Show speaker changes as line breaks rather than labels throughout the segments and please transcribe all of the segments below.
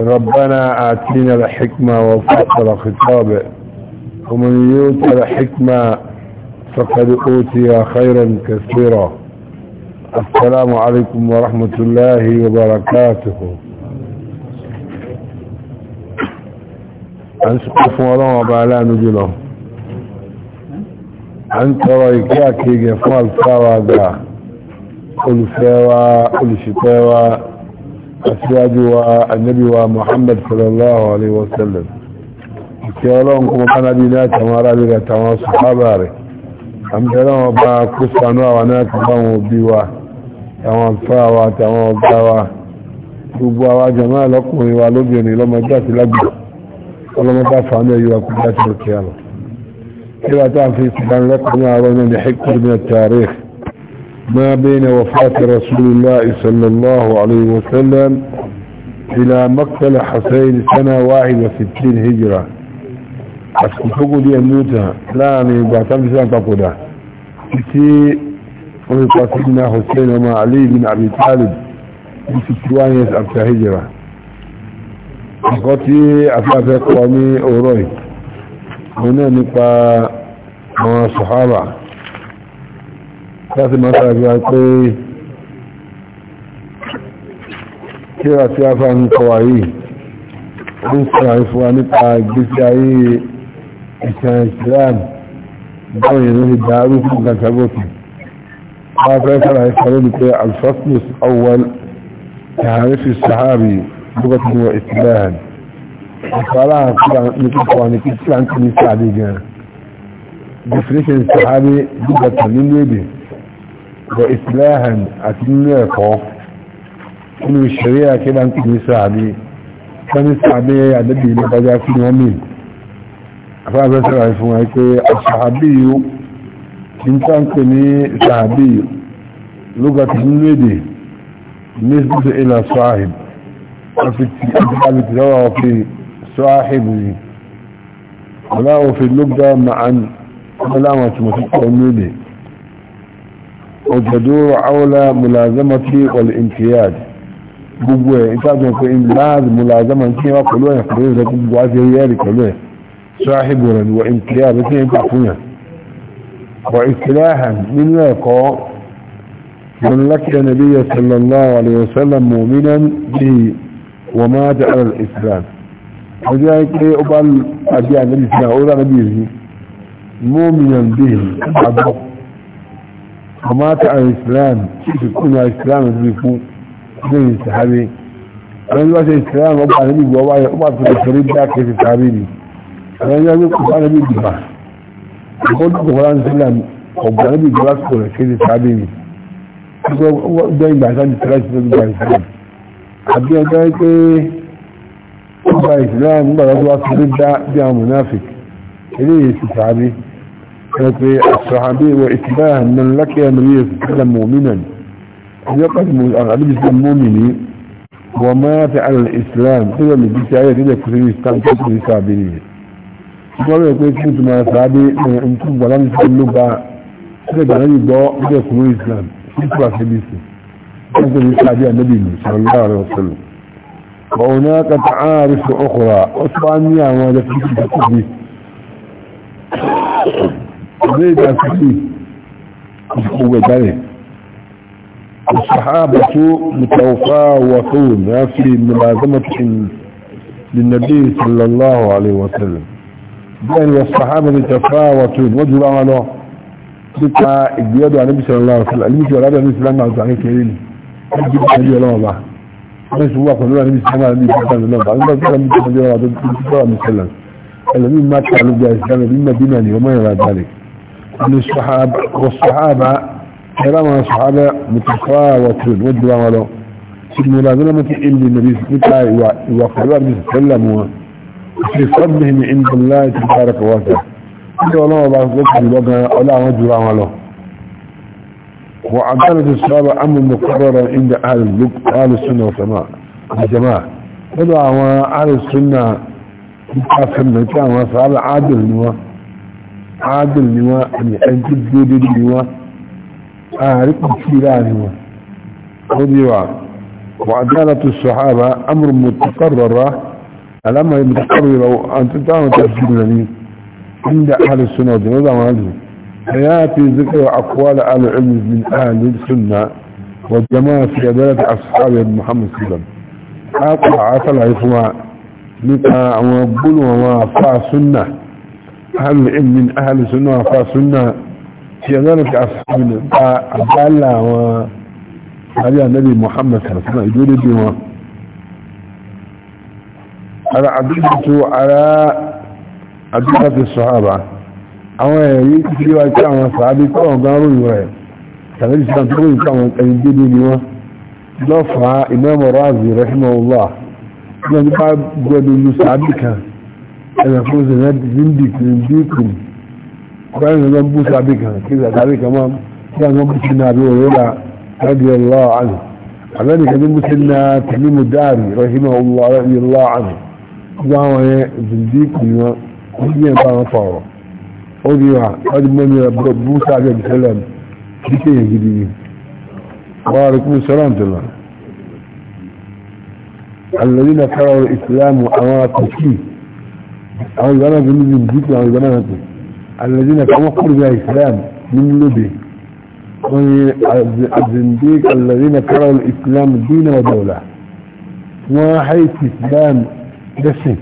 ربنا آتينا الحكمة وفصل خطابه ومن يؤت الحكمة فقد أوتي خيرا كثيرا السلام عليكم ورحمة الله وبركاته أنسوا سقف الله وبعلا نجله
أنت رأيكاكي جفال
فاوة قل فاوة قل شتاوا أسواج النبي ومحمد صلى الله عليه وسلم كيولون كما كان دينا تمارا لغا تمارا صحاباري الحمد لله وبا كسانوا وناك بام وبيوا تمارا صاوا تمارا وبتاوا تبوا وجماع لكم والوبيني لما جات لبي ولما تفع نيو وكبات بكيالو كلا تعفي سبان لكم يا رونا من التاريخ ما بين وفاة رسول الله صلى الله عليه وسلم إلى مقتل حسين سنة واحد وستين هجرة أسكتوكو دي أموتا لا أنا بعتم سنة تقودا كتي ونقى سيدنا حسين وما علي بن أبي طالب بستوان يسأبتا هجرة أخوتي أفافي قومي أوروي هنا نقى مع صحابة láti máa tàbí wa pé kí wà tí a fa ń kọwà yìí ó ń sọ̀rọ̀ ìfún wa nípa ìgbésí ayé ìtàn Islam báwọn èèyàn lè dárú fún gàtàgòkè wọ́n fẹ́ sọ̀rọ̀ ìfún lórí pé alfasmus awwal tààrífì sahari bukatun wa islam ìfàlà àkúrà ní kíkọ́ ní kíkọ́ وإصلاحا أتمنى قوف كل الشريعة كده أنت نسعبي فنسعبي يا نبي نبدا في يومين فأنا سأعرفون هيك الصحابي إنسان كني صحابي لغة الندي نسبة إلى صاحب وفي التجارة وفي صاحبه ولا وفي اللغة معا ولا ما تمسكه الندي وتدور حول ملازمة والامتياز قبوة انتاج وقائم لازم ملازمة انتين وقلوها يخبرون ذا قبوة زياري كلوها صاحبنا وامتياز انتين انت وإصلاحا من لقاء من لك نبي صلى الله عليه وسلم مؤمنا به وما على الإسلام وذي اي ابال ابيع نبي سنة اولا نبي مؤمنا به عبق ومات عن الإسلام يكون عن الإسلام يدركوا من السحابي أنا يواجه الإسلام أبو عن نبي وأبو عن الإسلام ذاك في السحابيني أنا يواجه أبو عن نبي جبا يقول أبو عن الإسلام أبو عن نبي جبا سكولة في السحابيني دائما بعثان الثلاثة أبو عن الإسلام عبد الله قال إيه أبو عن الإسلام أبو عن الإسلام ذاك منافق إليه السحابي الصحابي وإتباه من لك يا من صلى مؤمنا يقدم النبي صلى مؤمني وما فعل الإسلام إذا اللي بيت آية كده كثير يستنكت في صحابيني قالوا يقول كنت مع صحابي انتم ولم تقولوا بقى إذا كان لي ضوء إذا كنوا الإسلام شكرا سبيسي كنت لصحابي النبي صلى الله عليه وسلم وهناك تعارف أخرى وطبعا يا ما ذكرت في زيد الكثير أبو جاي الصحابة متوافقون في ملازمة للنبي صلى الله عليه وسلم بين والصحابة متفاوتون وجه الأمل بقى الجياد عن النبي صلى الله عليه وسلم المثل والعبد النبي صلى الله عليه وسلم يجب أن يجب الله ليس هو قبل النبي صلى الله عليه وسلم النبي صلى الله عليه وسلم النبي صلى الله عليه وسلم الذين ما كانوا جاهزين بما ديناني وما يرى ذلك عن الصحابة والصحابة كلام الصحابة متفاوت ودوا ولو سيدنا لازلمة إلي النبي صلى الله عليه وسلم وقالوا في صدهم عند الله تبارك وتعالى إذا الله الله ذلك بلغنا ألا وجبا ولو وعدانة الصحابة أمر مقرر عند أهل اللب أهل السنة والسماء الجماعة ودعوا أهل السنة كافرنا كانوا صحابة عادل نواه عادل نوا يعني أنجد دودي نوا أعرف كثيرا نوا وعدالة الصحابة أمر متقرر الأمر متقرر أن تدعم تفسيرني عند أهل السنة ونضع عنه حياتي ذكر أقوال أهل العلم من أهل السنة والجماعة في عدالة أصحاب محمد صلى الله عليه وسلم أقع أصل عفوا لقاء وبلوة وفاء سنة هل من أهل سنة فسنة في ذلك أصحابنا أبا الله و أبي النبي محمد صلى الله عليه وسلم يقول لي بما على عدلة على عدلة الصحابة أما يكفي وكام صحابي كما قالوا يوهي تغيري سنتقل كما قلت لي بما دفع إمام رازي رحمه الله لأنه قد قد يسعبك ẹ̀rọ fún ṣe náà díndì kìrìndínkùn báyìí ló ń bú sábì kan kí sàtàrí kan máa kí àwọn bú sí náà bí ọ̀rọ̀ rà rádì ọlọ́ àná àbẹ́ni kan tó bú sí náà tẹ̀lé mu dáàrí rọ́ṣínà ọlọ́ rádì ọlọ́ àná gbá wọn yẹn díndínkùn wọn ó sì yẹn bá wọn fọ̀rọ̀ ó di wa wọ́n ti mọ́ni rẹ̀ bú sábì ọ̀bì sẹ́lẹ̀ kí ṣe yẹn gidi ni wọ́n rí kú sọ́rọ̀ ntọ́lá الذين كرهوا الإسلام وأمركم فيه أو الغنى من الجيد أو الغنى الذين توقعوا بها إسلام من لبي وهي يعني الزنديق الذين كرهوا الإسلام دين ودولة واحد إسلام دسي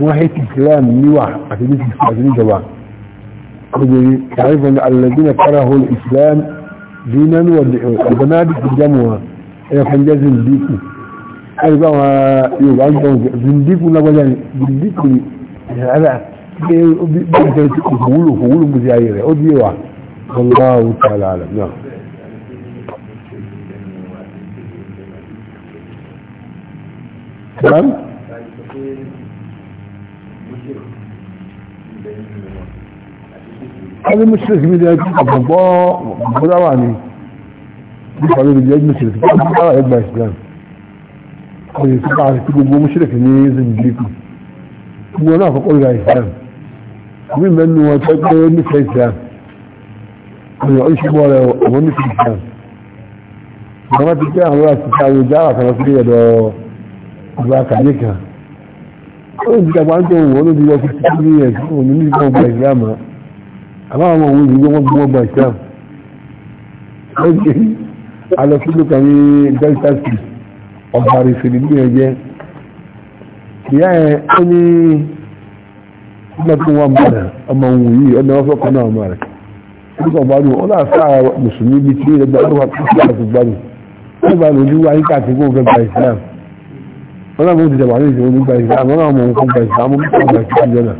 واحد إسلام نواح أتبس بسعجني جوان يعني تعرف أن الذين كرهوا الإسلام دينا ودنابك الجموة يفن جاء زنديق أيضا يبقى زنديق ولا وجاني زنديق هذا بيقولوا فقولوا مزايرة قد يوا والله تعالى عالم نعم نعم
هذا مشرك بداية الله
بدواني بيقولوا بداية مشرك بداية ما يسلام قولي تبعث تقول مشرك نيزن بيكم gbogbo náà kọ́kọ́ ìlà ìsìlámù àmì mẹ́nu wọn tó pé nífẹ̀ẹ́ ìsìlámù ọ̀yọ̀ ìṣubọ̀ rẹ̀ àwọn nífẹ̀ẹ́ ìsìlámù àwọn ti pé àwọn àṣìṣe àwọn ìjára kan ọ̀gbà rẹ̀ ìyá ẹ̀ ó ní ọmọkùnrin wọn mọ̀nà ọmọ òun yìí ọmọ wọn fọ́kàn náà ọmọ rẹ̀ nípa ọgbàdùn ó náà sáà mùsùlùmí bíi tí ìrẹ́gbà ló wà tó sí àti gbàdùn ó gbà lójú wa yíká àti kó gba Islam wọn náà mọ̀ ti dàgbà ní ìṣòro nípa Islam wọn náà mọ̀ òun fún gba Islam ó kọ́ gba Islam jọ́nà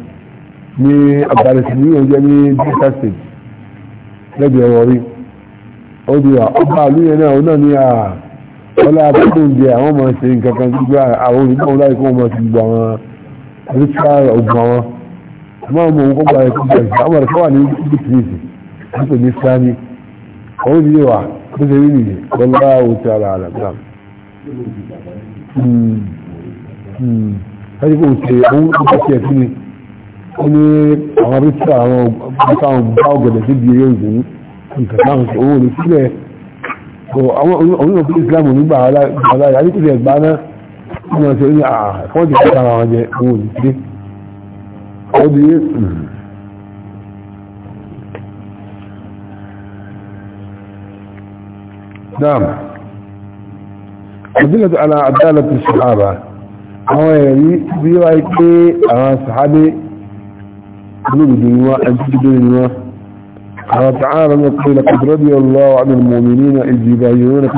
ní Afghanistan ní ọjọ́ ní delta state lẹ́gbẹ̀ẹ́ wọ̀rí ó di ọba àlúyẹ náà ó náà ní ah, ọlá àkókò ń jẹ àwọn ọmọ ṣe nǹkan kan gbígbà àwọn olùgbọ́n láì kó ọmọ ti gbà wọn ritual ọgbà wọn àmọ́ ọmọ òun kọ́gbà ẹ̀kọ́ gbà ẹ̀kọ́ àwọn ẹ̀kọ́ wà ní ìpínlẹ̀ wọ́n pè ní sani ọ̀hún ti wà tó ṣe rí nìyẹn ọlá òtí ara rẹ̀ gbà. láti kó ṣe òun tó ṣe ẹ̀sìn ni ó ní àwọn ritual àwọn ọgbà ọgbà ọgbà ọgbà ọgbà ọgbà ọgbà ọgbà ọgbà ọgbà ọgbà ọgbà àwọn onímọ̀ fún islam nígbà aláyà ní kìlẹ̀ ẹ̀gbá náà wọ́n ṣe ní àfọ́jì ah, kára wọn jẹ owó ìdílé ó di dam àdílẹ̀ ala àdálẹ̀ ti sàhábà àwọn ẹ̀rí bí wáyé pé قال تعالى يقول لقد رضي الله عن المؤمنين إذ يبايعونك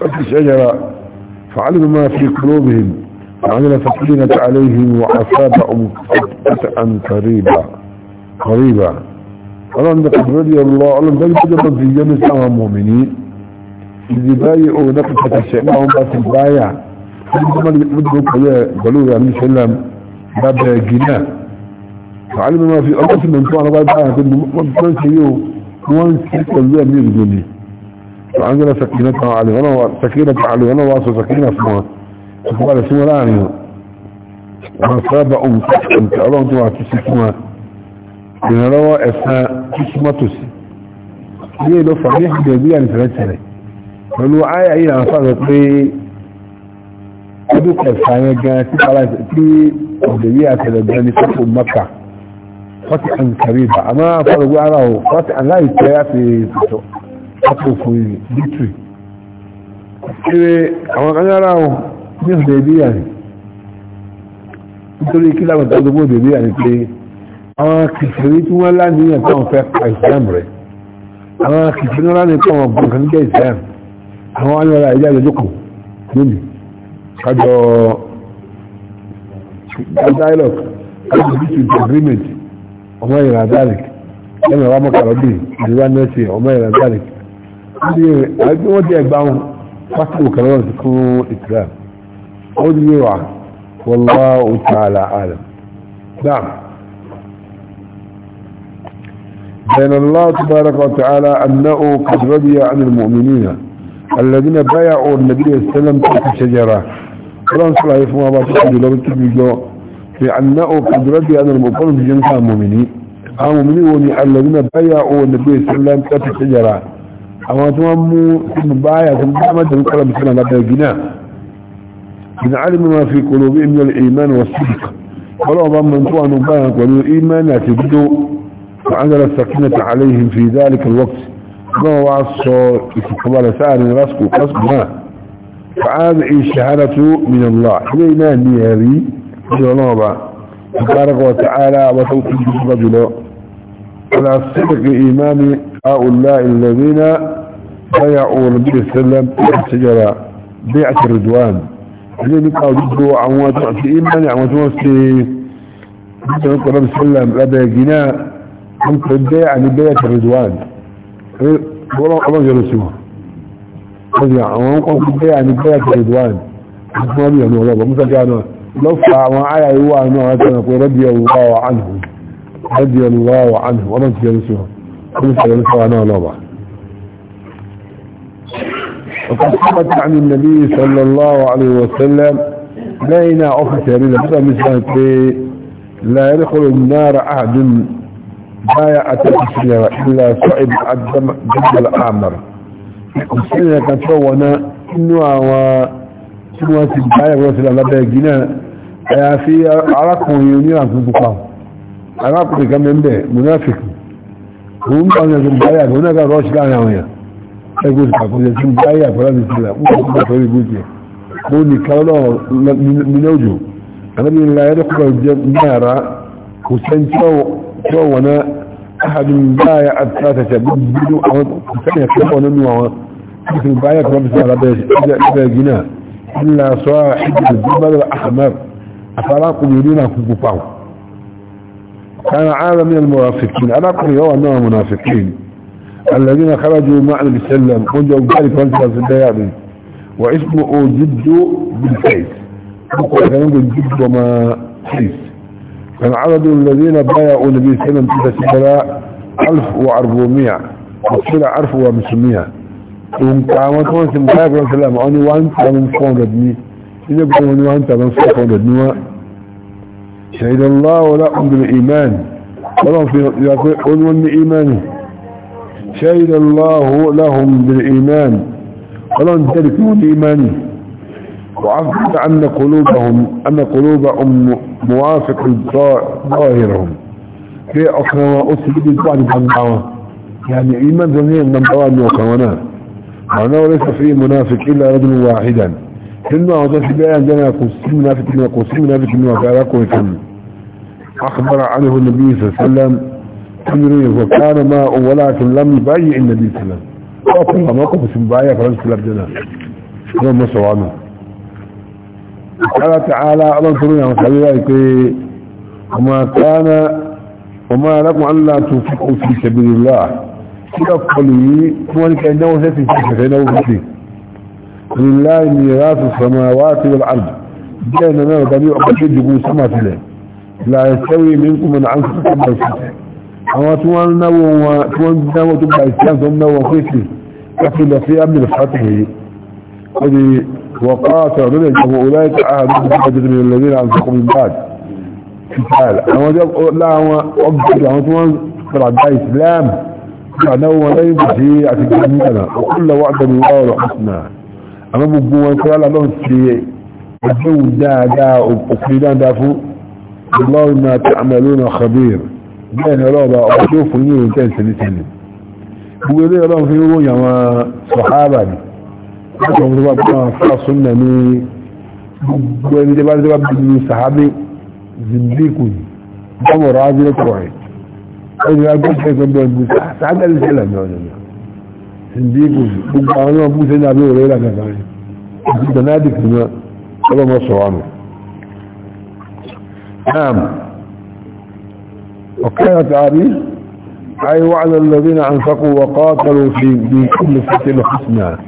تحت الشجرة فعلم ما في قلوبهم فعمل فقينة عليهم وأصابهم فتأة قريبة قريبة قال قد رضي الله عنهم تجد جرى في جنة عن المؤمنين إذ يبايعونك تحت الشجرة وهم بس البايع فلما يقولوا يا عم سلام باب جناه fàálù mi máa fi ọjọ́ sí mẹ́tọ́ àwọn ọgbà àti wọ́n ṣe yóò wọ́n ṣe pẹ̀lú ẹ̀mí ìdìbò ni fàánjẹ́lá sàkínà kan àlè wọ́n wá sọ sàkínà fún wọn ṣùgbọ́n rẹ̀ sí wọn láàrin wọn sábà ohun sàkínà ọlọ́run tó wà tó sí fún wọn ìrànlọ́wọ́ ẹ̀sán kíkímọ́tòsí ní ìlú fàmí ìgbẹ̀gbẹ̀ àìsẹ̀rẹ̀tẹ̀rẹ̀ pẹ̀lú ayé ayé àǹfààní pé ọdún kẹsàn-án gan tí ọ̀dẹ̀wé àtẹ̀lẹ̀gbẹ̀ ní sọ́kò mọ́kà فتحا كريبا اما فرق عراه فتحا لا يتلاقى في فتو فتو في بيتري اما كان عراه ميخ بيبي يعني nítorí kí láwọn ìdájọ́gbò bèbí àti pé àwọn kìfìrí tí wọ́n lá níyàn tó wọ́n fẹ́ pa islam rẹ̀ àwọn kìfìrí ńlá ní tó wọ́n gbọ́n kan jẹ́ islam àwọn ayọ́ra ilé ayọ́ lókò lónìí kájọ dialogue kájọ dispute agreement وما إلى ذلك انا رامك ربي ديوان نفسي وما إلى ذلك ودي أجبعهم فصلوا كلام سكون إسلام ودي يوعى والله تعالى عالم نعم بين الله تبارك وتعالى أنه قد رضي عن المؤمنين الذين بايعوا النبي صلى الله عليه وسلم تحت الشجرة قرآن صلى الله عليه وسلم لأنه قد رضي أن المطلوب في جنة المؤمنين المؤمنين وني الذين بايعوا النبي صلى الله عليه وسلم تحت الشجرة أما تماموا ثم بايع ثم بعمد من قلب سنة لا بيجنا إن علم ما في قلوبهم من الإيمان والصدق فلو ولو ضمن طوان بايعك ولو الإيمان يتبدو وأنزل السكينة عليهم في ذلك الوقت ما هو عصر استقبال سائر رسك وقصبنا فعاد الشهادة من الله إلينا نيابي جنوبا تبارك وتعالى وتوكل الرجل على صدق إيمان هؤلاء الذين بيعوا النبي صلى الله عليه وسلم بيعة الرضوان الذين نبقى ضده عموات في إيمان عموات وصي نبقى النبي صلى الله عليه وسلم لدى جناء ممكن البيع لبيعة الرضوان ولو أمام جلسوه رجع عموات البيع لبيعة الرضوان ما بيعنوا الله مثل كانوا lọ́fà àwọn àyà ìwà náà tẹ́nà pé radiyallahu رضي الله عنه wọ́n ti yẹn sọ kí sọ̀rọ̀ sọ́wọ́ náà lọ́ba وقد ثبت عن النبي صلى الله عليه وسلم بين أخت ريلا بدأ مثلا لا يدخل النار أحد لا يأتي السنة إلا صعب الدم الآمر السنة كانت إنه هو سنوات الدعاية ورسل الله بيجينا àyàfi arákùnrin oníran tó pupa arákùnrin kan mẹ́mbẹ̀ monafik òun bá ọ̀nà tó báyà ló náà rọ́ sí láàrin àwọn èèyàn ẹgbẹ́ ìpàkójẹ tó báyà pẹ̀lú àti ìsìnlẹ̀ púpọ̀ púpọ̀ pẹ̀lú ìgbó jẹ mo ní kálọ́ nílẹ̀ òjò àbẹ́bí ńlá ẹ̀rẹ́ kúrò jẹ náírà kò sẹ́ni tí ó wọ̀nà ahadu báyà àti àtẹ̀tẹ̀ gbogbo àwọn kò sẹ́ni ẹ̀fẹ́ pọ̀ nínú àwọn kò báyà pẹ̀lú àti ìsìnlẹ̀ abẹ́ ìgbìnà ńlá sọ àìjẹ̀ ìgbìnà أفراق يرينا كبقاو كان عالة من المنافقين على أراقل هو أنهم منافقين الذين خرجوا مع النبي صلى الله عليه وسلم وجوا ذلك وانت الديابين واسمه جد بالفيس كانوا جد وما حيث كان عدد الذين بايعوا النبي صلى الله عليه وسلم في سبلاء 1400 وصلة 1500 ومقامتهم سمكاك وسلام عني وانت ومن فوق من شهد الله ولا أمد الإيمان ولهم في عنوان إيمانه شهد الله لهم بالإيمان ولهم ذلك من إيمانه وعفت أن قلوبهم أن قلوبهم موافق ظاهرهم في أصلا وأصلي بعد الدعوة يعني إيمان ذنين من طوال وكونا معناه ليس فيه منافق إلا رجل واحدا nínú àwọn tó ti bẹ́ẹ̀ jẹ́nà kò sí munafiki náà kò sí munafiki náà kò arákùnrin kan akbar anahu nabi sallam kamiru ya wakana ma wala tun lam bayi in nabi sallam ko kun amma ko sun baya faransu kulab jana ko masa wani Allah ta'ala Allah turuna masalai ya kai kuma kana وما لكم أن لا تنفقوا في سبيل الله كيف قلوا لي كما لك أنه سيسي في سبيل الله لله ميراث السماوات والأرض جئنا من الجميع يقول سما فيه لا يستوي منكم من عنك تبع الفتح أما توانا وتوانا وتبع الإسلام ثم وفيكي تفل في أمن الفتحه قدي وقاتل رجل أولئك عهد من الذين أنفقوا من بعد تعالى أما جاب لا هو أبجد أما توانا تبع الإسلام فأنا ولا ينبغي أتبع مننا وكل وعد الله الحسنى àwọn gbogbo wọn kọ́ lọ́lọ́ ti ẹgbẹ́wù dáadáa òkùnrin dáadáa fún ọlọ́run náà tí àmàlú náà khabir bẹ́ẹ̀ ni ọlọ́ọ̀bá ọba tó fún yíò ń tẹ́sí ní tẹ́lẹ̀ gbogbo ilé ọlọ́run fi ròyìn àwọn sọ̀hábà ni láti ọmọ tó bá pọ́n àwọn fásún náà ní gbogbo ẹni يعني. يعني. نعم وكان تعبير اي وعلى الذين انفقوا وقاتلوا في كل فتن حسنا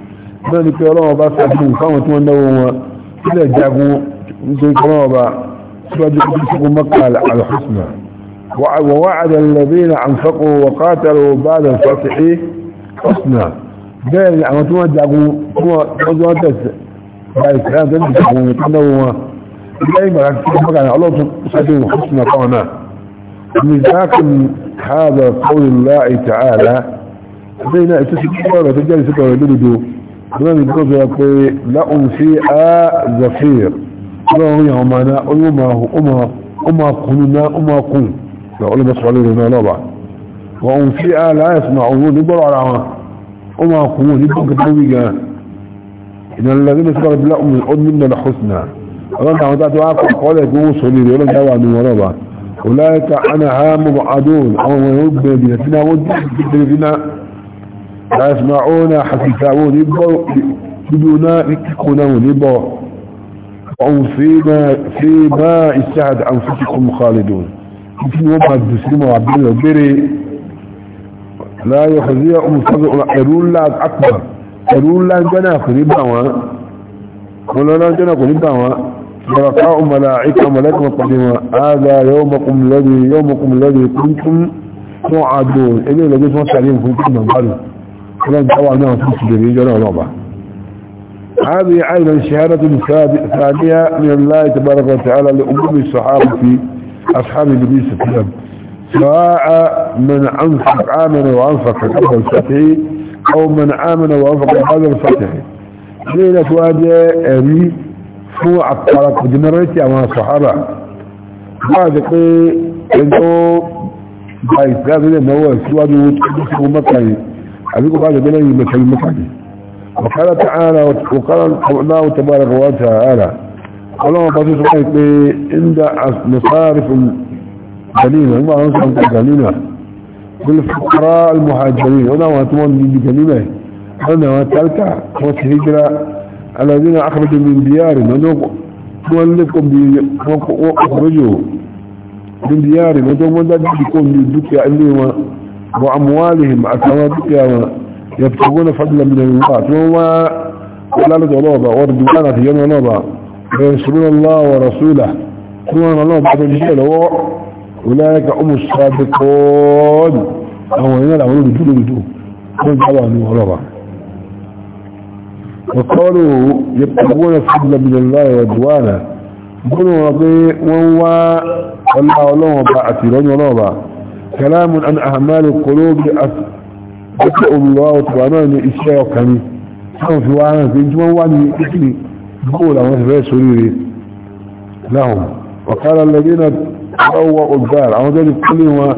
ذلك يرى بس ابن كما تمنوا كل جاغو ذي كرابا سواجه بسك مكة على الحسنى ووعد الذين انفقوا وقاتلوا بعد الفاتحين ọ̀sùnà bẹ́ẹ̀ àwọn tí wọ́n jagun ọjọ́ tẹ̀sẹ̀ bá ìsìlẹ̀ tó ń jagun ní kọ́ndọ̀wọ́ wọn lẹ́yìn bàrá tí wọ́n bọ́kà ní ọlọ́tún sáré ọ̀sùnà káwọn náà nìzákùn hàbà kọ́wé láì tààlà ẹgbẹ́ iná ètò sí kọ́ọ̀rọ̀ tó jẹ́rìí síkọ̀rọ̀ lódodo lọ́nà ní kọ́ sọ pé láùn sí á zafir lọ́wọ́ yàn ọmọ náà ó máa kún náà ó máa kún lọ́wọ́ lọ́sọ̀rọ̀ lórí náà lọ́wọ́ وهم فئة لا يسمعون يبروا على عوان وما يقومون يبقى كتبوي جان إن الذين سبق بلأهم الأد منا لحسنا أولا عمدات وعاكم قولا يكونوا صليلي يولا جاوا عن ورابا أولئك أنا هام معادون أو يرد بيتنا ودنا لا يسمعون حسيساون يبقوا بدون يكونون يبقوا وهم فيما فيما استعد أنفسكم خالدون يمكن يوم هذا السلمة وعبد الله لا يخزي ام صدق ارول لا اكبر ارول لا جنا قريبا و قلنا لا جنا قريبا و رفع ملائكه ملائكه قديما هذا يومكم الذي يومكم الذي كنتم توعدون الى لو جيتوا سالين كنتم من قبل كلا دعوا لنا وسوس جريجة لعبة هذه أيضا شهادة ثانية من الله تبارك وتعالى لأمم الصحابة في أصحاب النبي صلى الله عليه وسلم سواء من أنفق آمن وأنفق هذا الفتح أو من آمن وأنفق هذا الفتح ليلة واجه اري فوع الطلق جنريتي أمام الصحابة هذا أنه بايسلام لأنه هو سواده وتقدس ومطعي أبيكم بعد بلاي مثل المطعي وقال تعالى وقال قلنا تبارك وتعالى قال الله بسيطة عند مصارف جنيمة ما أنصر جنيمة بالفقراء المهاجرين هنا أنا ما أتلقى وتلك هجرة الذين أخرجوا من ديارهم ونوق مولكم وأخرجوا من ديارهم ونوق مولكم بذكي عليهم وأموالهم أتوابكها يبتغون فضلا من الله وما ولا لدولوبة وردوانا في يوم ونوبة وينصرون الله ورسوله سبحان الله بعد الجيل هو أولئك هم الصادقون هنا الأولون بدون بدون كل طبعا وربا وقالوا يبتغون فضلا من الله ودوانا قلوا رضي وهو والله الله وبا أتيرون ونوبا كلام عن أعمال القلوب أتقوا الله تعالى من إشياء وكامي كانوا في وعنا في إنجمان وعني إكلي بقول أولا لهم وقال الذين هو أبدال أو ذلك كلهم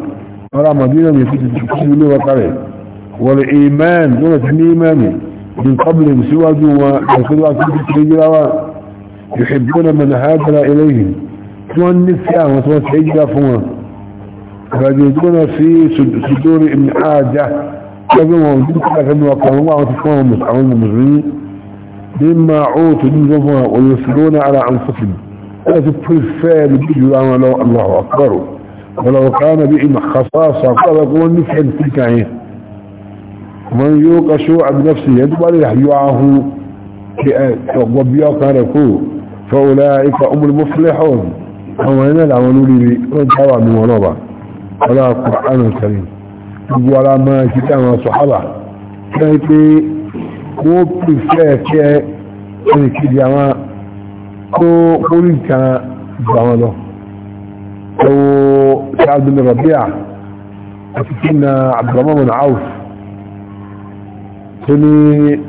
على مدينة يفتح وقره والإيمان دون إيماني من قبل سوى جوا يخذوا أكيد يحبون من هاجر إليهم سوى النساء وسوى الهجرة فهم فيجدون في صدورهم حاجة كما وجدت لكن وقال الله وتفهم المسلمين مما عوتوا من ويصلون على أنفسهم التي تفعل بجوة ولو الله أكبر ولو كان بإن خصاصة فلقوا النفعل تلك عين يعني. ومن يوقع شوع بنفسه يجب أن يحيوعه وبيوق ركوه فأولئك أم المفلحون وهنا العملوا لي وانتوا من ونوبة ولا القرآن الكريم ولا ما كتاب صحبا كانت كوب فاكة كانت كده قولين كان جامده هو سعد بن ربيع أفتنا عبد الله بن عوف كني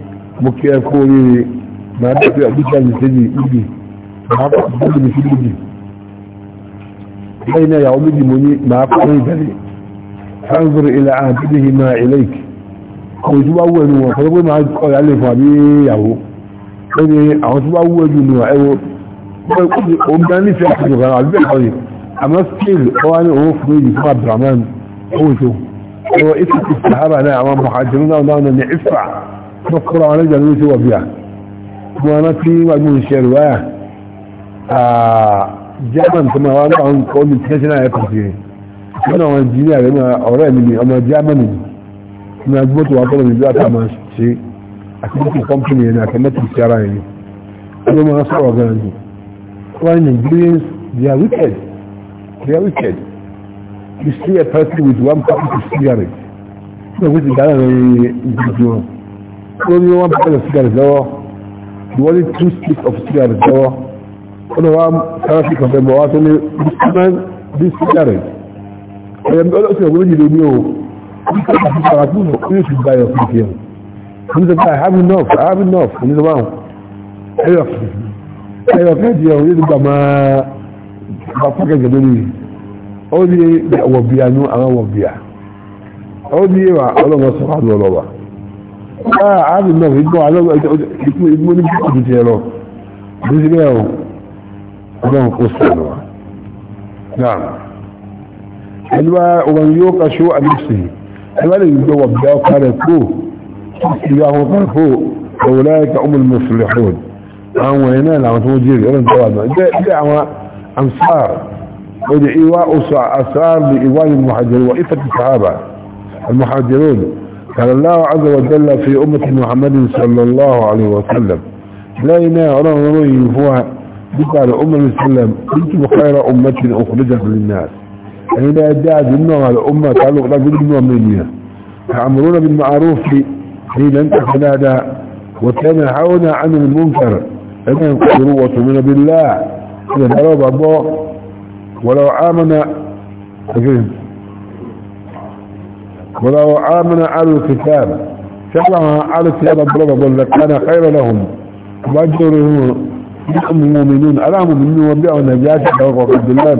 مكي أقولي ما أدفع بيك أن يسجي إيجي ما أدفع بيك أن يسجي إيجي أين يعود مني ما أقولي ذلك فانظر إلى عهده ما إليك هو يجب أول نوع فلقوا ما أدفع عليه فابي يعود ẹni àwọn tí wá wúwo jù nù ẹwọ òun gan nífẹ̀ẹ́ àti ìjọba àbí bẹ́ẹ̀ kọ́ni àmọ́ scale ọwá ní owó fún èyí fún abdulrahman owó tó ẹwọ ìfẹ́ ti sàhábà náà àwọn mọ̀hájẹ́rú náà náà ní ìfà tó kọ́ra wọn lẹ́jà lórí tí wọ́n bíà wọn náà tí wọ́n gbé ìṣẹ́ rẹ̀ wáyà german tó máa wá ń àti mọ́tò kọ́mpìnì yẹn àti mọ́tò ìṣẹ́ra yẹn ọdún máa sọ̀rọ̀ gan ni wọ́n Nigerians they are wicked they are wicked you see a person with one packet of cigarette ṣé o ti dáná rẹ̀ ìdíjú wọn ó ní one packet of cigarettes, lọ́wọ́ you want two sticks of cigarettes, cigarette lọ́wọ́ ó ní wọ́n sára sí kọ̀ọ̀fẹ́ bọ̀ wá tó ní this cigarette ẹ̀yẹ́ ọlọ́sìn ọ̀gbọ́n méjì lè ní o ó ní kí wọ́n ti fara kúrò ó yóò ti gba ẹ̀yọ̀ fún ìfihàn wọ́n sọ pé i have enough i have enough wọ́n sọ báwọn ẹyọ ẹyọ kẹ́ẹ̀dì ẹ̀ wọ́n gbà máa bá pákẹ́jì lórí ó ní wọ̀bíà ní àwọn wọ̀bíà ó ní wà ọlọ́wọ́ sọ wà lọ́wọ́ wa i have enough ìgbọ́ alọ́wọ́ ìgbọ́ ìgbọ́ ní bíkọ́ tó ti ẹ̀rọ bí sí bẹ́ẹ̀ o ọlọ́wọ́ kó sọ̀rọ̀ wa náà ẹni wá ọgbọ̀n yóò kaṣó si. sí ẹni wá lè gbọ́ wọ̀bíà ọkà rẹ̀ kúrò إياه ضعفوا أولئك هم المصلحون عن وهنا لما توجيه أولا توابع دعوة أنصار ودعواء أسرار بإيوان المحجرين وإفة الصحابة المحجرون قال الله عز وجل في أمة محمد صلى الله عليه وسلم لا ينا أولا ينفوها بقال أمة الإسلام كنت خير أمة أخرجت للناس إذا لا يدعي الأمة تعلق لك بالمؤمنين يعملون بالمعروف حين انتقل هذا وتنهون عن المنكر انهم قدروا وتؤمن بالله ولو ضرب الله ولو امن ولو امن على الكتاب شرع على الكتاب لك كان خير لهم واجرهم لهم المؤمنون الا مؤمنون وبيعوا نجاة وعبد الله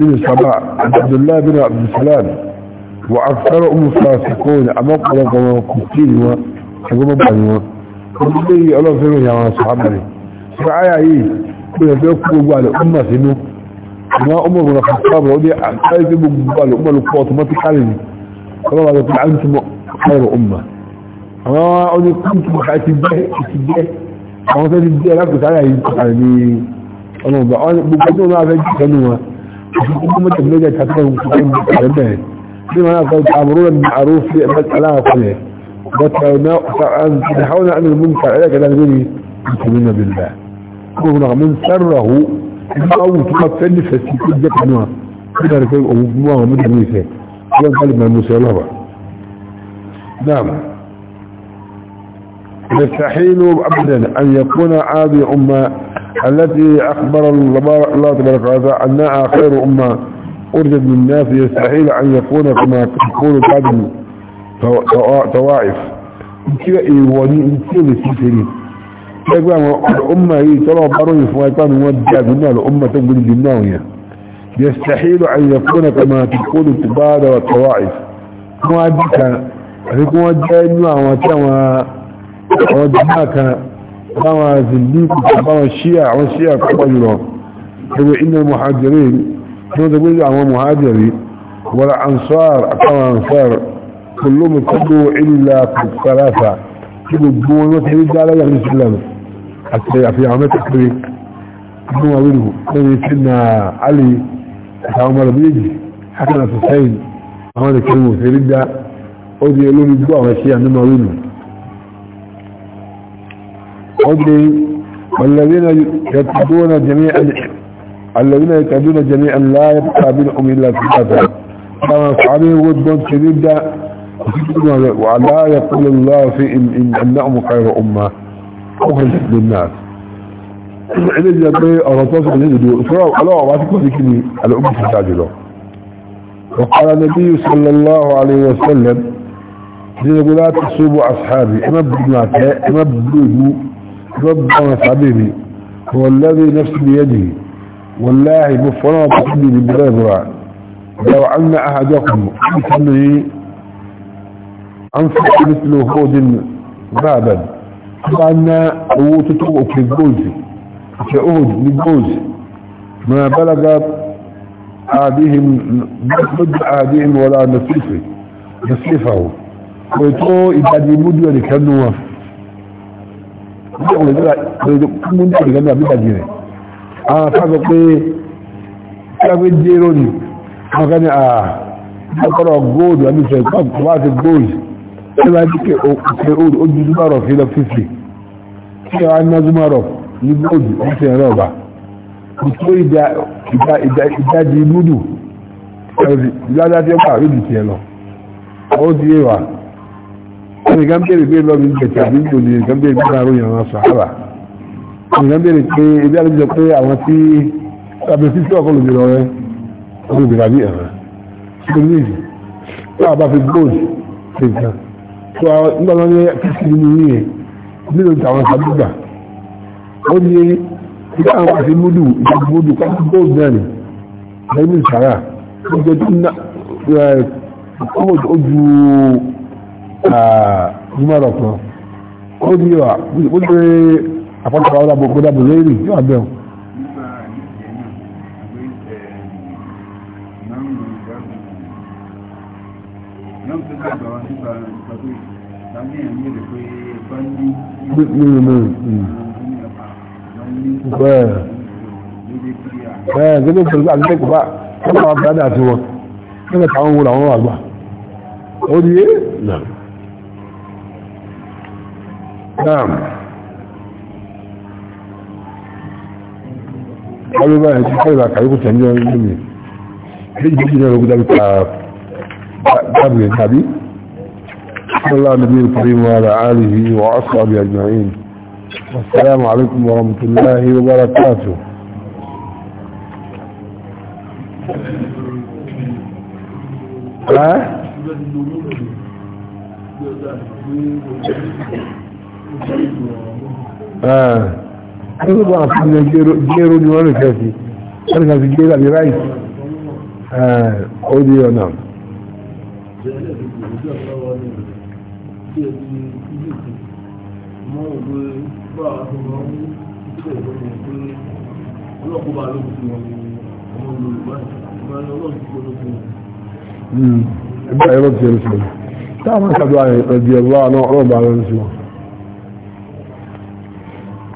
بن الصباح عبد الله بن عبد السلام وأكثرهم فاسقون أما قلقوا وكفتين وكما بنوا فبالله الله فيهم يا صحابي فعيا هي كنا بيقولوا على أمة سنو ما أمة من الخطاب ودي عايز يبقوا على أمة القوات ما تحلني الله قال أنتم خير أمة أنا أقول كنتم حياتي به حياتي àwọn tó ti díẹ̀ láti sáyà yìí kọ̀kàrì ní ọlọ́ọ̀bà gbogbo tó náà fẹ́ jù sẹ́nu wọn àti gbogbo mọ́tò méjì àti àtàkùn kọ̀kàrì bẹ̀rẹ̀ فيما نقول تعمرون بالمعروف في مسألة كلها وتنحون عن المنكر عليك لا نقول يؤمنون بالله كون من سره أو تمثل كل ذلك نوع كده ركيب أبوه من الميساء كلام قال من المسلمة نعم يستحيل أبدا أن يكون هذه أمة التي أخبر الله تبارك وتعالى أنها خير أمة أرجد من الناس يستحيل أن يكون كما تكون قادم طوائف كيف إيواني كيف يسيسري كيف الأمة هي ترى بروني فوائطان ودى جنة الأمة جنة هي يستحيل أن يكون كما تكون التبادة والطوائف موادك هيكون ودعين ما كما ودعاك كما زليك كما الشيع والشيع كما جلو إن المحاجرين هذا يقول أمام مهاجري ولا أنصار أكثر أنصار كلهم اتبعوا إلا ثلاثة يقولون وتريد على يغني السلام حتى في عامة أكبري كلهم أقوله كان يسلنا علي حتى عمر بيجي حتى نفسين أمان عمر الكلمة تريد أودي يقولون دعوة هالشيء عندما أقوله أودي والذين يتبعون جميع الذين يتعدون جميعا لا يبقى منهم إلا ثلاثة كما فعليه ودون شديدة ولا يقول الله في إن, إن أنهم خير أمة أخرج للناس إذا الرسول صلى الله عليه وسلم يقول الله أبعثك وذكني على أمة التاجلة وقال النبي صلى الله عليه وسلم يقول لا تصوبوا أصحابي إما بناتي إما بنوه إما بنوه أصحابي هو الذي نفسي بيده والله بفرما تحدي بالبلاد لو أن أحدكم يسمي أنفق مثل هود بابا فأن قوتته في الجوز كأهد للجوز ما بلغ أهديهم ضد أهديهم ولا نصيفه نصيفه ويتو إبادي مدوى لكنوه ويقول لك كل من ذلك أنه بلغ àwọn afẹ́sọ pé ẹgbẹ́ jéró ni wọ́n kẹ́ ní àkọ́rọ̀ góòdù àbíṣẹ́ ìpàkùnwá ti góòdù tí wọ́n ti ké ojú zúmọ̀rọ̀ sí lọ fífì tí wọ́n ná zúmọ̀rọ̀ ní góòdù wọ́n ti rẹ̀ ọ̀bà ìtò ìdájí múdù ládá tí ó pà rí ìdìtì ẹ̀ lọ ó di ẹwà ẹnìkan bèèrè pé lọ́bí ìgbẹ̀tì àbí ìgbòdì ẹnìkan bèèrè pé láàrú ìyàwó èèyàn béèrè pé ebi àlejò pé àwọn tí abẹ́sí sí ọkọ̀ lòdìrọ̀ rẹ ọdún ìbìrà bí ẹ̀rọ ṣùgbọ́n ní ìjì tó a bá fi gold ṣe nǹkan tó a nígbà wọn ní kíkì nínú yìí yẹn nílò tí àwọn sàdúgbà ó ní ìgbà àwọn àti múdù ìjọba múdù káàkiri gold náà ni lẹ́yìn ìsàrà ó jẹ́ tí ọmọ ojú ìmọ̀ràn kan ó ní wà àpọ́tàkà ọ̀dà gbogbo dábò lórí yóò àbẹ̀wò bẹ́ẹ̀
gẹ́gẹ́ pẹ̀lú àgbẹ́kùn bá wọ́n máa bẹ̀rẹ̀ àti wọn
nígbà táwọn wo làwọn àgbà ó di é náà قالوا بقى هدي حلوة كعيكو تهنجوا الجميع حيث بجينا لو قدام كابري هذه صلى الله نبي الكريم وعلى آله وأصحابه أجمعين والسلام عليكم ورحمة الله وبركاته ها؟ اه ẹgbẹ́ bá àti ilẹ̀ gẹ́rọ ni wọ́n rẹ̀ sí wọ́n rẹ̀ sí gẹ́rọ àbí ráìsì ó di ọ̀nà
hmm. ẹgbẹ́
ẹ̀rọ ti ẹ̀rọ sí wọn táwọn ìṣàdúrà ẹ̀rọ di ẹ̀rọ náà ọlọ́ọ̀bà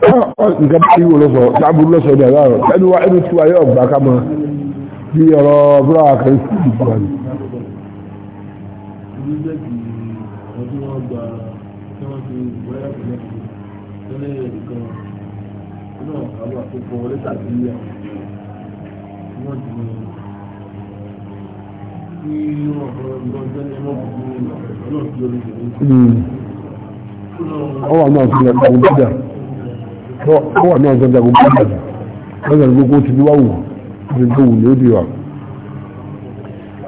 nǹkan bá yíwò lọ́sọ̀ tábù lọ́sọ̀ ní àlá rẹ̀ ẹni wá ẹni tí wà yóò gbà ká mọ́ bí ọ̀rọ̀ búráwà kan sí ìdìbò wà ní.
Hmm. ọwọ́ náà ti lè pa ọdún dáa
kọ́wà náà gbọ́dọ̀ gbogbo ìgbàdà gbọ́dọ̀ gbogbo ti bí wáwù gbogbo wù ní ó di wa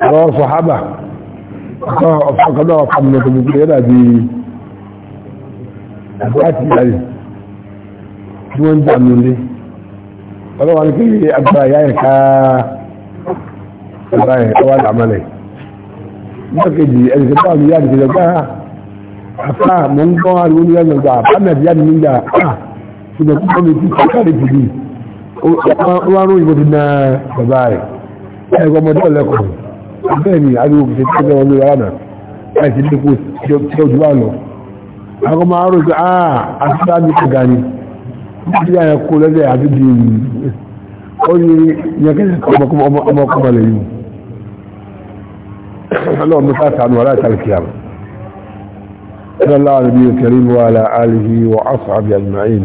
àwọn sọ̀hábà ọ̀fọ́kọ́dọ̀ ọ̀fọ́mọ̀ tó gbogbo yẹ́dà bí àbúrátì àrí tí wọ́n ń jà nílé ọlọ́wà ní kí agbára yá ẹ̀ka ọ̀rá ẹ̀ ọwá dàmálẹ̀ mọ́kèjì ẹ̀rìnkẹ́ bá mi yá nìkẹ́jọ ní ẹ̀rọ ṣùgbọ́n tí wọ́n mi ti kọ́kàrí jù bí wọ́n rú ìbò ti na bàbá rẹ̀ ẹgbẹ́ ọmọdé ọlẹ́kọ̀ọ́ bẹ́ẹ̀ ni ariwo kìí ṣe tẹ́lẹ̀ wọn lórí aláàdá láti ní kó tí ó jù wá lọ àwọn ọmọ arú pé ah àtúntà mi kò gani nítorí àyẹ̀ kó lẹ́sẹ̀ àti di ó ní yẹkẹ́yẹ ọmọkọmọ lẹ́yìn ọlọ́run mú sáà sànù aláìsàlẹ̀ kìíyàmù صلى الله عليه وسلم وعلى
آله وأصحابه أجمعين